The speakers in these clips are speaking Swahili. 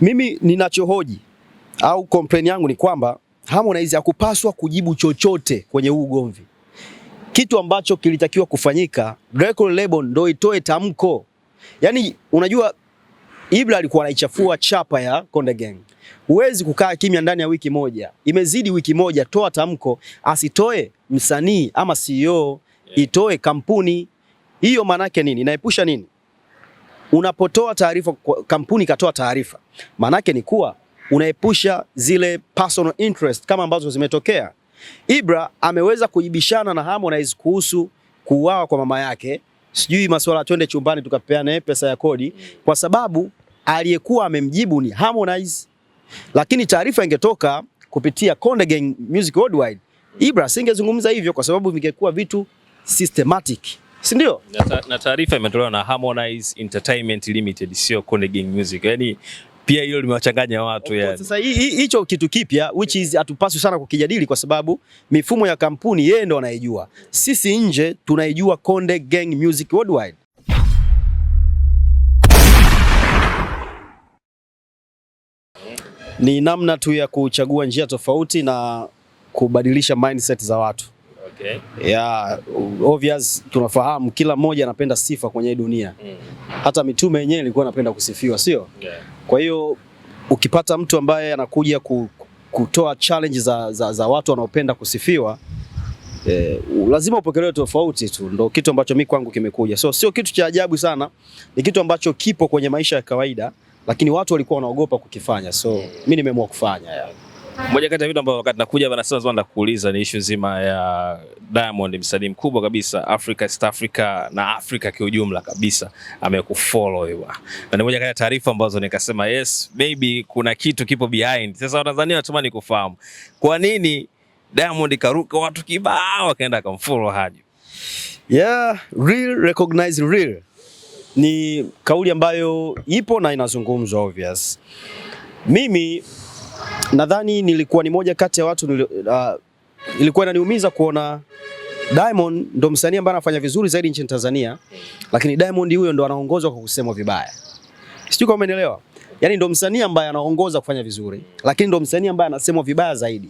Mimi ninachohoji au complain yangu ni kwamba Harmonize hakupaswa kujibu chochote kwenye huu ugomvi. Kitu ambacho kilitakiwa kufanyika, record label ndo itoe tamko. Yaani unajua Ibra alikuwa anaichafua chapa ya Konde Gang. Huwezi kukaa kimya ndani ya wiki moja. Imezidi wiki moja, toa tamko, asitoe msanii ama CEO, itoe kampuni. Hiyo maanake nini? Inaepusha nini? Unapotoa taarifa, kampuni ikatoa taarifa, maanake ni kuwa unaepusha zile personal interest kama ambazo zimetokea. Ibra ameweza kujibishana na Harmonize kuhusu kuuawa kwa mama yake, sijui masuala twende chumbani tukapeane pesa ya kodi, kwa sababu aliyekuwa amemjibu ni Harmonize, lakini taarifa ingetoka kupitia Konde Gang Music Worldwide, Ibra singezungumza hivyo, kwa sababu vingekuwa vitu systematic si ndio? Na taarifa imetolewa na Harmonize Entertainment Limited, sio Konde Gang Music. Yaani pia hilo limewachanganya watu yani. Sasa hicho kitu kipya which is hatupaswi sana kukijadili kwa sababu mifumo ya kampuni yeye ndo anaijua. Sisi nje tunaijua Konde Gang Music Worldwide. Ni namna tu ya kuchagua njia tofauti na kubadilisha mindset za watu. Okay. Yeah, obvious tunafahamu kila mmoja anapenda sifa kwenye dunia mm. Hata mitume yenyewe ilikuwa anapenda kusifiwa, sio? Yeah. Kwa hiyo ukipata mtu ambaye anakuja ku, kutoa challenge za, za, za watu wanaopenda kusifiwa eh, lazima upokelewe tofauti tu, ndo kitu ambacho mi kwangu kimekuja, so sio kitu cha ajabu sana, ni kitu ambacho kipo kwenye maisha ya kawaida, lakini watu walikuwa wanaogopa kukifanya, so mi nimeamua kufanya yeah. Moja kati ya vitu ambavyo wakati nakuja bana sasa nakuuliza ni issue nzima ya Diamond, msanii mkubwa kabisa Africa, East Africa na Africa kwa ujumla kabisa, amekufollow hiyo. Na ni moja kati ya taarifa ambazo nikasema yes, maybe kuna kitu kipo behind. Sasa Watanzania natamani kufahamu kwa nini Diamond karuka watu kibao wakaenda akamfollow Haji. Yeah, real recognize real ni kauli ambayo ipo na inazungumzwa obvious. Mimi nadhani nilikuwa ni moja kati ya watu nili, uh, ilikuwa inaniumiza kuona Diamond ndo msanii ambaye anafanya vizuri zaidi nchini Tanzania, lakini Diamond huyo ndo anaongozwa kwa kusemwa vibaya. Sijui kama umeelewa. Yaani ndo msanii ambaye anaongoza kufanya vizuri, lakini ndo msanii ambaye anasemwa vibaya zaidi.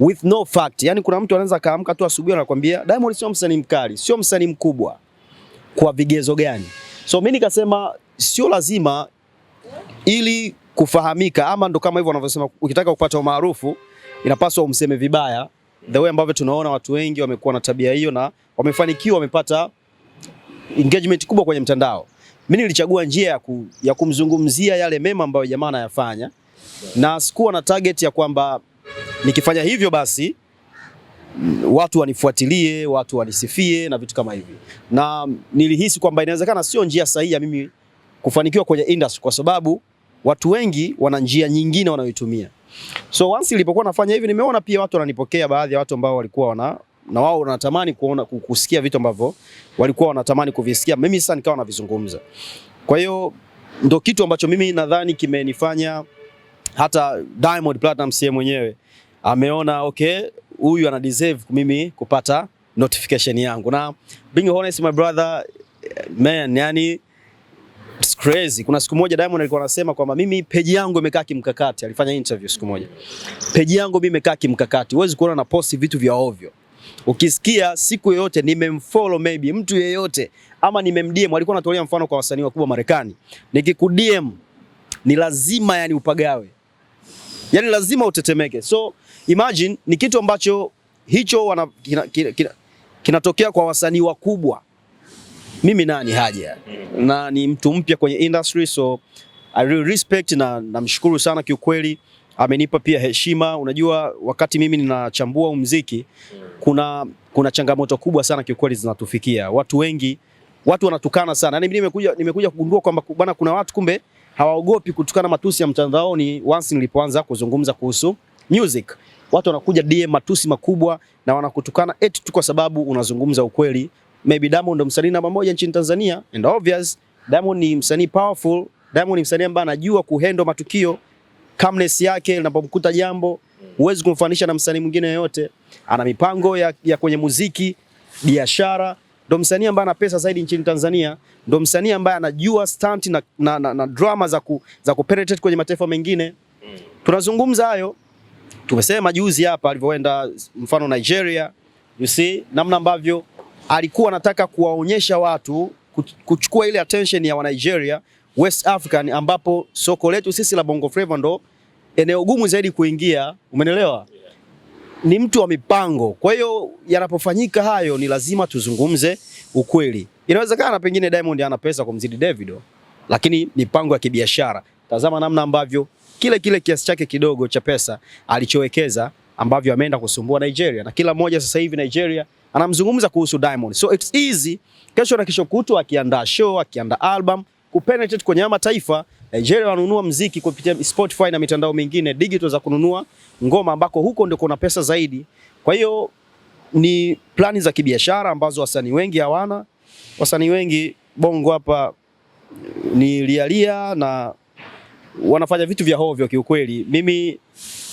With no fact. Yaani kuna mtu anaanza kaamka tu asubuhi anakuambia Diamond sio msanii mkali, sio msanii mkubwa. Kwa vigezo gani? So mimi nikasema sio lazima ili kufahamika, ama ndo kama hivyo wanavyosema, ukitaka kupata umaarufu inapaswa umseme vibaya, the way ambavyo tunaona watu wengi wamekuwa na tabia hiyo na wamefanikiwa, wamepata engagement kubwa kwenye mtandao. Mimi nilichagua njia ya, ku, ya kumzungumzia yale mema ambayo jamaa anayafanya, na sikuwa na target ya kwamba nikifanya hivyo basi watu wanifuatilie, watu wanisifie na vitu kama hivi, na nilihisi kwamba inawezekana sio njia sahihi ya mimi kufanikiwa kwenye industry kwa sababu watu wengi wana njia nyingine wanayoitumia. So once nilipokuwa nafanya hivi, nimeona pia watu wananipokea, baadhi ya watu ambao walikuwa wana na wao wanatamani kuona kusikia vitu ambavyo walikuwa wanatamani kuvisikia, mimi sasa nikawa navizungumza. Kwa hiyo ndo kitu ambacho mimi nadhani kimenifanya hata Diamond Platnumz yeye mwenyewe ameona okay, huyu ana deserve mimi kupata notification yangu, na being honest my brother man, yani It's crazy. Kuna siku moja Diamond alikuwa anasema kwamba mimi peji yangu imekaa kimkakati. Alifanya interview siku moja. Peji yangu mimi imekaa kimkakati. Huwezi kuona na posti vitu vya ovyo. Ukisikia siku yoyote nimemfollow maybe mtu yeyote ama nimemdm, alikuwa anatolea mfano kwa wasanii wakubwa Marekani. Nikikudm ni lazima yani upagawe. Yaani lazima utetemeke. So imagine ni kitu ambacho hicho wana, kina, kina, kina, kinatokea kwa wasanii wakubwa mimi nani haja na ni mtu mpya kwenye industry, so I really respect na namshukuru sana kiukweli, amenipa pia heshima. Unajua, wakati mimi ninachambua muziki kuna kuna changamoto kubwa sana kiukweli zinatufikia watu wengi, watu wanatukana sana. Yani nimekuja nimekuja kugundua kwamba bwana, kuna watu kumbe hawaogopi kutukana matusi ya mtandaoni. Once nilipoanza kuzungumza kuhusu music, watu wanakuja DM matusi makubwa na wanakutukana eti tu kwa sababu unazungumza ukweli maybe Diamond ndo msanii namba moja nchini Tanzania, and obvious Diamond ni msanii powerful. Diamond ni msanii ambaye anajua kuhandle matukio, calmness yake linapomkuta jambo huwezi kumfanisha na msanii mwingine yoyote. Ana mipango ya, ya kwenye muziki, biashara. Ndo msanii ambaye ana pesa zaidi nchini Tanzania. Ndo msanii ambaye anajua stunt na, na, na, na drama za, ku, za kupenetrate kwenye mataifa mengine. Tunazungumza hayo, tumesema juzi hapa alivyoenda mfano Nigeria, you see namna ambavyo alikuwa anataka kuwaonyesha watu kuchukua ile attention ya Wanigeria, West African, ambapo soko letu sisi la Bongo Flava ndo eneo gumu zaidi kuingia, umenelewa? Ni mtu wa mipango. Kwa hiyo yanapofanyika hayo ni lazima tuzungumze ukweli. Inawezekana pengine Diamond ana pesa kumzidi Davido, lakini mipango ya kibiashara. Tazama namna ambavyo kile kile kiasi chake kidogo cha pesa alichowekeza ambavyo ameenda kusumbua Nigeria, na kila mmoja sasa hivi Nigeria anamzungumza kuhusu Diamond. So it's easy kesho na kesho kutu, akiandaa show, akiandaa album, kupenetrate kwenye mataifa. Nigeria wanunua mziki kupitia Spotify na mitandao mingine digital za kununua ngoma, ambako huko ndio kuna pesa zaidi. Kwa hiyo ni plani za kibiashara ambazo wasanii wengi hawana. Wasanii wengi bongo hapa ni lialia na wanafanya vitu vya hovyo kiukweli. Mimi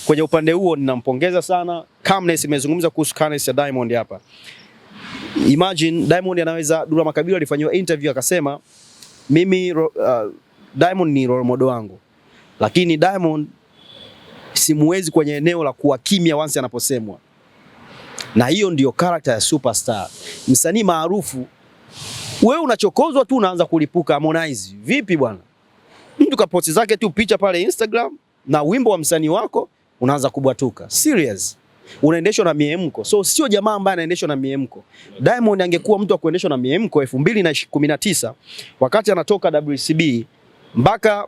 kwenye upande huo ninampongeza sana. Calmness imezungumza kuhusu calmness ya Diamond hapa. Imagine Diamond anaweza, Dula Makabila alifanyiwa interview akasema mimi uh, Diamond ni role model wangu, lakini Diamond simuwezi kwenye eneo la kuwa kimya once anaposemwa, na hiyo ndiyo character ya superstar. Msanii maarufu wewe unachokozwa tu unaanza kulipuka. Harmonize vipi bwana? Mtu kaposti zake tu picha pale Instagram na wimbo wa msanii wako unaanza kubwatuka serious, unaendeshwa na miemko. So sio jamaa ambaye anaendeshwa na miemko. Diamond angekuwa mtu wa kuendeshwa na miemko 2019 wakati anatoka WCB mpaka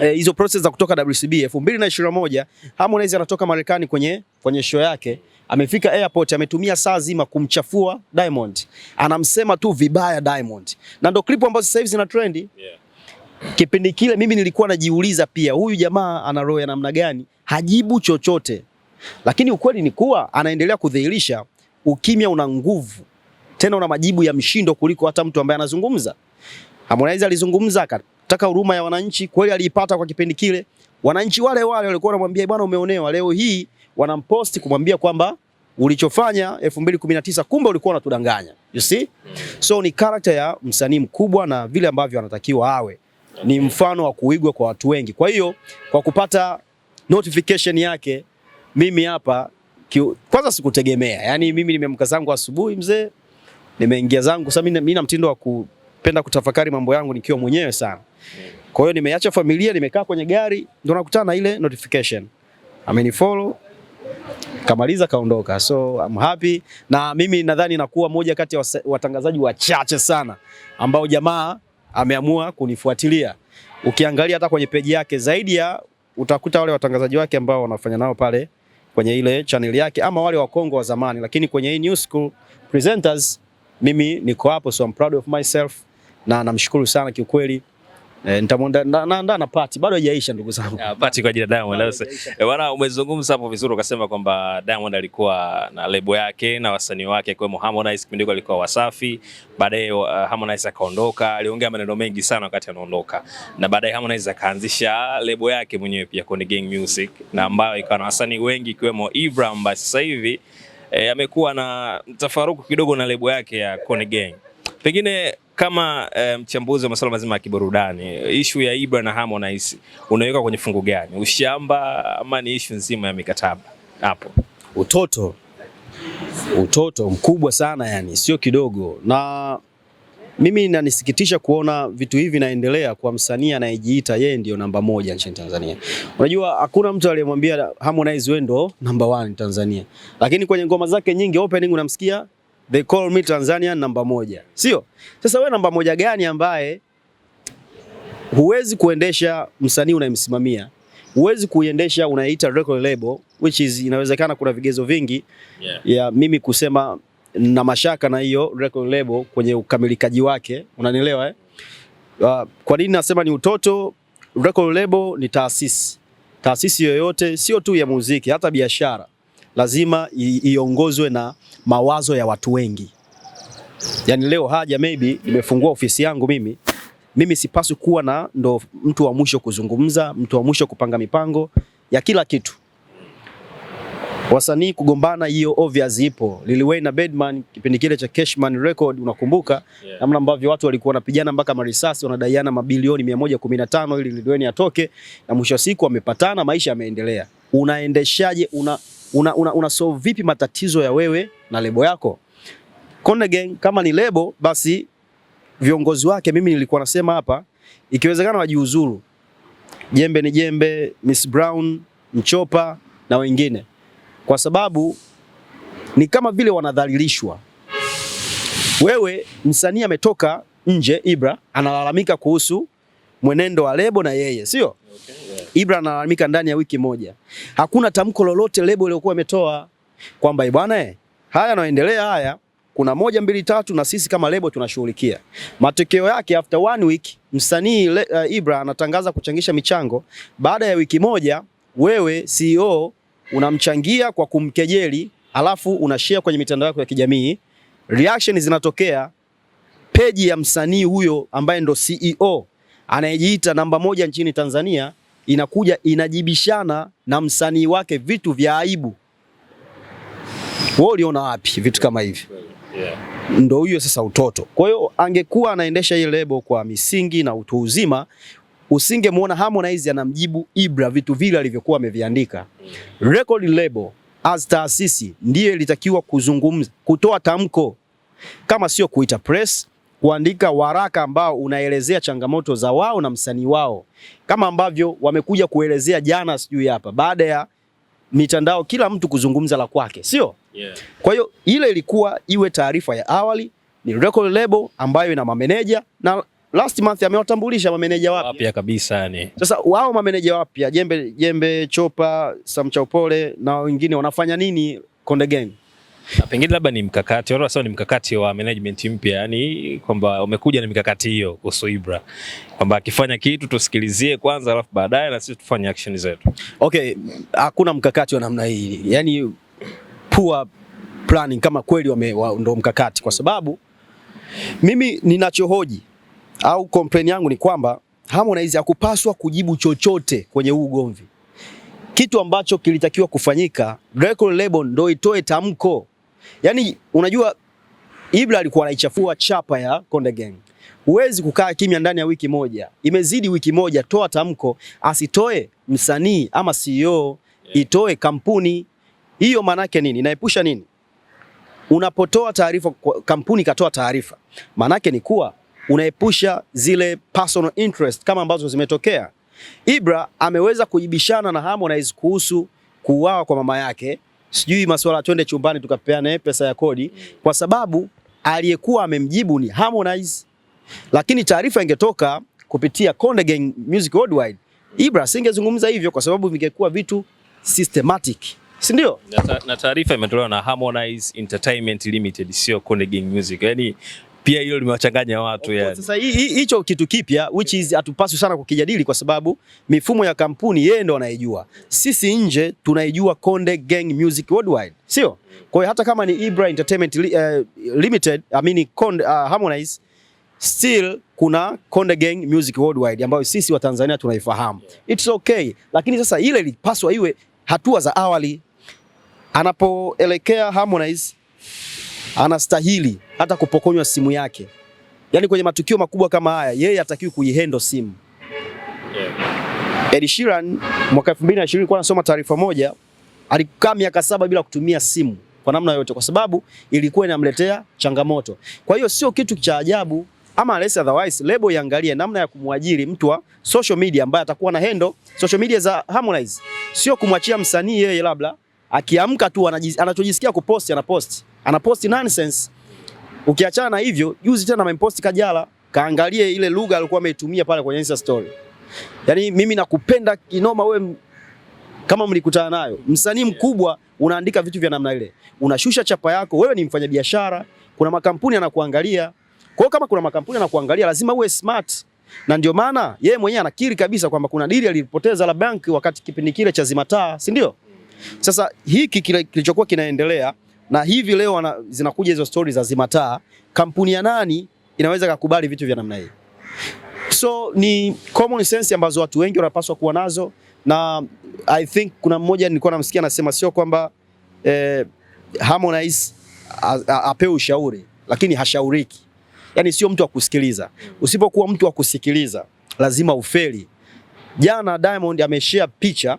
eh, hizo e, process za kutoka WCB 2021, Harmonize anatoka Marekani kwenye, kwenye show yake, amefika airport, ametumia saa zima kumchafua Diamond, anamsema tu vibaya Diamond, na ndio clip ambazo sasa hivi zina trendi yeah. Kipindi kile mimi nilikuwa najiuliza pia, huyu jamaa ana roho ya namna gani? Hajibu chochote, lakini ukweli ni kuwa anaendelea kudhihirisha ukimya una nguvu, tena una majibu ya mshindo kuliko hata mtu ambaye anazungumza. Harmonize alizungumza akataka huruma ya wananchi, kweli aliipata kwa kipindi kile. Wananchi wale wale walikuwa wanamwambia bwana, umeonewa. Leo hii wanamposti kumwambia kwamba ulichofanya 2019 kumbe ulikuwa unatudanganya. You see? So ni character ya msanii mkubwa na vile ambavyo anatakiwa awe ni mfano wa kuigwa kwa watu wengi. Kwa hiyo kwa kupata notification yake, mimi hapa kwanza sikutegemea, yaani mimi nimeamka zangu asubuhi mzee, nimeingia zangu sasa. Mimi na mtindo wa kupenda kutafakari mambo yangu nikiwa mwenyewe sana, kwa hiyo nimeacha familia, nimekaa kwenye gari, ndo nakutana na ile notification, amenifollow kamaliza kaondoka, so I'm happy. Na mimi nadhani nakuwa moja kati ya watangazaji wachache sana ambao jamaa ameamua kunifuatilia. Ukiangalia hata kwenye peji yake zaidi ya utakuta wale watangazaji wake ambao wanafanya nao pale kwenye ile chaneli yake ama wale wa Kongo wa zamani, lakini kwenye hii New School Presenters mimi niko hapo, so I'm proud of myself na namshukuru sana kiukweli. E, eh, nitamwandaa na, na party bado haijaisha ndugu zangu. Yeah, pati kwa ajili ya Diamond. E, bwana umezungumza hapo vizuri ukasema kwamba Diamond alikuwa na lebo yake na wasanii wake akiwemo Harmonize kipindi alikuwa Wasafi, baadaye uh, Harmonize akaondoka, aliongea maneno mengi sana wakati anaondoka. Na baadaye Harmonize akaanzisha lebo yake mwenyewe pia Konde Gang Music na ambayo ikawa na wasanii wengi ikiwemo Ibra ambaye sasa hivi eh, amekuwa na tafaruku kidogo na lebo yake ya Konde Gang. Pengine kama eh, mchambuzi wa masuala mazima ya kiburudani, ishu ya Ibra na Harmonize unaweka kwenye fungu gani? Ushamba ama ni ishu nzima ya mikataba hapo? Utoto, utoto mkubwa sana yani, sio kidogo. Na mimi nanisikitisha kuona vitu hivi naendelea kwa msanii anayejiita yeye ndio namba moja nchini Tanzania. Unajua hakuna mtu aliyemwambia Harmonize wewe ndio namba 1 Tanzania, lakini kwenye ngoma zake nyingi opening unamsikia They call me Tanzania namba moja, sio? Sasa wewe namba moja gani ambaye huwezi kuendesha msanii unayemsimamia, huwezi kuiendesha unaita record label, which is inawezekana kuna vigezo vingi yeah. ya mimi kusema na mashaka na hiyo record label kwenye ukamilikaji wake, unanielewa eh? Uh, kwa nini nasema ni utoto? Record label ni taasisi, taasisi yoyote sio tu ya muziki, hata biashara lazima iongozwe na mawazo ya watu wengi. Yaani leo haja maybe nimefungua ofisi yangu mimi mimi sipaswi kuwa na ndo mtu wa mwisho kuzungumza, mtu wa mwisho kupanga mipango ya kila kitu. Wasanii kugombana, hiyo obvious ipo. Lil Wayne na Bedman kipindi kile cha Cashman Record, unakumbuka namna yeah, ambavyo watu walikuwa wanapigana mpaka marisasi, wanadaiana mabilioni 115 ili Lil Wayne atoke, na mwisho wa siku wamepatana, maisha yameendelea. Unaendeshaje una una, una, una solve vipi matatizo ya wewe na lebo yako. Konde Gang kama ni lebo basi viongozi wake, mimi nilikuwa nasema hapa, ikiwezekana wajiuzuru. Jembe ni Jembe, Miss Brown, Mchopa na wengine, kwa sababu ni kama vile wanadhalilishwa. Wewe msanii ametoka nje, Ibra analalamika kuhusu mwenendo wa lebo na yeye sio okay. Ibra analalamika ndani ya wiki moja, hakuna tamko lolote lebo iliyokuwa imetoa kwamba eh, bwana eh, haya yanaendelea haya kuna moja mbili tatu, na sisi kama lebo tunashughulikia. Matokeo yake after one week msanii uh, Ibra anatangaza kuchangisha michango. Baada ya wiki moja, wewe CEO unamchangia kwa kumkejeli, alafu unashare kwenye mitandao yako ya kijamii, reaction zinatokea. Peji ya msanii huyo ambaye ndo CEO anayejiita namba moja nchini Tanzania inakuja inajibishana na msanii wake vitu vya aibu. Wewe uliona wapi vitu kama hivi? Yeah. Ndo huyo sasa utoto. Kwa hiyo angekuwa anaendesha hii lebo kwa misingi na utu uzima, usingemwona Harmonize anamjibu Ibra vitu vile alivyokuwa ameviandika. Mm. Record label as taasisi ndiyo ilitakiwa kuzungumza, kutoa tamko, kama sio kuita press kuandika waraka ambao unaelezea changamoto za wao na msanii wao, kama ambavyo wamekuja kuelezea jana, sijui hapa, baada ya mitandao kila mtu kuzungumza la kwake, sio? Yeah. Kwa hiyo ile ilikuwa iwe taarifa ya awali, ni record label ambayo ina mameneja na last month amewatambulisha mameneja wapya kabisa yani. Sasa wao mameneja wapya Jembe Jembe Chopa Samchaupole na wengine wanafanya nini Konde Gang? Na pengine labda ni mkakati wala sio, ni mkakati wa management mpya, yani kwamba umekuja na mikakati hiyo kuhusu Ibra kwamba akifanya kitu tusikilizie kwanza, alafu baadaye na sisi tufanye action zetu. Okay, hakuna mkakati wa namna hii, yani poor planning kama kweli wame, wa, ndo mkakati, kwa sababu mimi ninachohoji au complain yangu ni kwamba Harmonize hakupaswa kujibu chochote kwenye huu ugomvi. Kitu ambacho kilitakiwa kufanyika, record label ndo itoe tamko Yaani unajua Ibra alikuwa anaichafua chapa ya Konde Gang. Huwezi kukaa kimya ndani ya wiki moja, imezidi wiki moja, toa tamko. Asitoe msanii ama CEO, itoe kampuni hiyo. Maanake nini? Inaepusha nini? Unapotoa taarifa, kampuni katoa taarifa, maanake ni kuwa unaepusha zile personal interest kama ambazo zimetokea. Ibra ameweza kujibishana na Harmonize kuhusu kuuawa kwa mama yake sijui masuala twende chumbani tukapeane pesa ya kodi, kwa sababu aliyekuwa amemjibu ni Harmonize, lakini taarifa ingetoka kupitia Konde Gang Music Worldwide, Ibra singezungumza hivyo, kwa sababu vingekuwa vitu systematic, si ndio? Na taarifa imetolewa na Harmonize Entertainment Limited, sio Konde Gang Music, yani pia hilo limewachanganya watu yani. Sasa hicho kitu kipya which is hatupaswi sana kukijadili kwa sababu mifumo ya kampuni yeye ndo anaijua. Sisi nje tunaijua Konde Gang Music Worldwide, sio? Kwa hiyo hata kama ni Ibra Entertainment uh, Limited, I mean Konde, uh, Harmonize still kuna Konde Gang Music Worldwide ambayo sisi wa Tanzania tunaifahamu. It's okay, lakini sasa ile ilipaswa iwe hatua za awali anapoelekea Harmonize anastahili hata kupokonywa simu yake. Yaani kwenye matukio makubwa kama haya yeye hatakiwi kuihendo simu. Ed Sheeran mwaka 2020 alikuwa anasoma taarifa moja, alikaa miaka saba bila kutumia simu kwa namna yoyote, kwa sababu ilikuwa inamletea changamoto. Kwa hiyo sio kitu cha ajabu ama less otherwise, lebo iangalie namna ya kumwajiri mtu wa social media ambaye atakuwa na hendo social media za Harmonize, sio kumwachia msanii yeye, labda akiamka tu anachojisikia kuposti anaposti anaposti nonsense. Ukiachana na hivyo, juzi tena amemposti Kajala, kaangalie ile lugha alikuwa ameitumia pale kwenye Insta story. Yaani mimi nakupenda kinoma wewe kama mlikutana nayo. Msanii mkubwa unaandika vitu vya namna ile. Unashusha chapa yako, wewe ni mfanyabiashara, kuna makampuni anakuangalia. Kwa hiyo kama kuna makampuni anakuangalia lazima uwe smart. Na ndio maana yeye mwenyewe anakiri kabisa kwamba kuna dili alipoteza la bank wakati kipindi kile cha zimataa, si ndio? Mm. Sasa hiki kilichokuwa kinaendelea na hivi leo wana, zinakuja hizo stori za zimataa, kampuni ya nani inaweza kukubali vitu vya namna hii? So ni common sense ambazo watu wengi wanapaswa kuwa nazo, na I think kuna mmoja nilikuwa namsikia anasema sio kwamba eh, Harmonize apewe ushauri, lakini hashauriki. Yani sio mtu wa kusikiliza. Usipokuwa mtu wa kusikiliza, lazima ufeli. Jana Diamond ameshare picha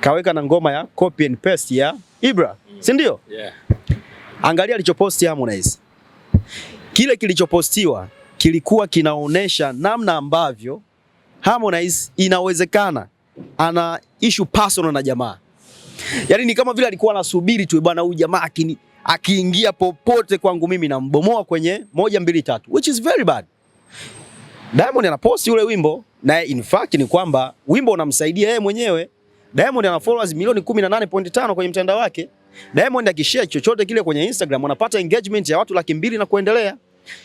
kaweka na ngoma ya copy and paste ya Ibra, mm. si ndio? Yeah. Angalia alichoposti Harmonize. Kile kilichopostiwa kilikuwa kinaonesha namna ambavyo Harmonize inawezekana ana issue personal na jamaa. Yaani ni kama vile alikuwa anasubiri tu bwana, huyu jamaa akini akiingia popote kwangu mimi nambomoa kwenye moja mbili tatu, which is very bad. Diamond anaposti ule wimbo, na in fact ni kwamba wimbo unamsaidia yeye mwenyewe Diamond ana followers milioni 18.5 kwenye mtandao wake. Diamond akishare chochote kile kwenye Instagram anapata engagement ya watu laki mbili na kuendelea.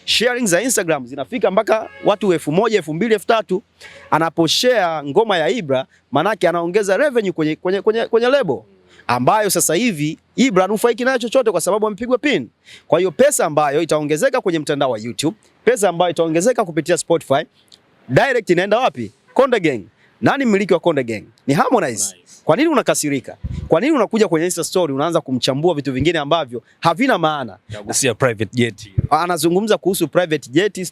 Sharing za Instagram zinafika mpaka watu elfu moja, elfu mbili, elfu tatu. Anaposhare ngoma ya Ibra, manake anaongeza revenue kwenye, kwenye, kwenye, kwenye lebo ambayo sasa hivi Ibra hanufaiki nayo chochote kwa sababu amepigwa pin. Kwa hiyo pesa ambayo itaongezeka kwenye mtandao wa YouTube, pesa ambayo itaongezeka kupitia Spotify, direct inaenda wapi? Konde Gang. Nani mmiliki wa Konde Gang? Ni Harmonize. Kwa nini unakasirika? Kwa nini unakuja kwenye Insta story unaanza kumchambua vitu vingine ambavyo havina maana? Private jet. Anazungumza kuhusu private jet.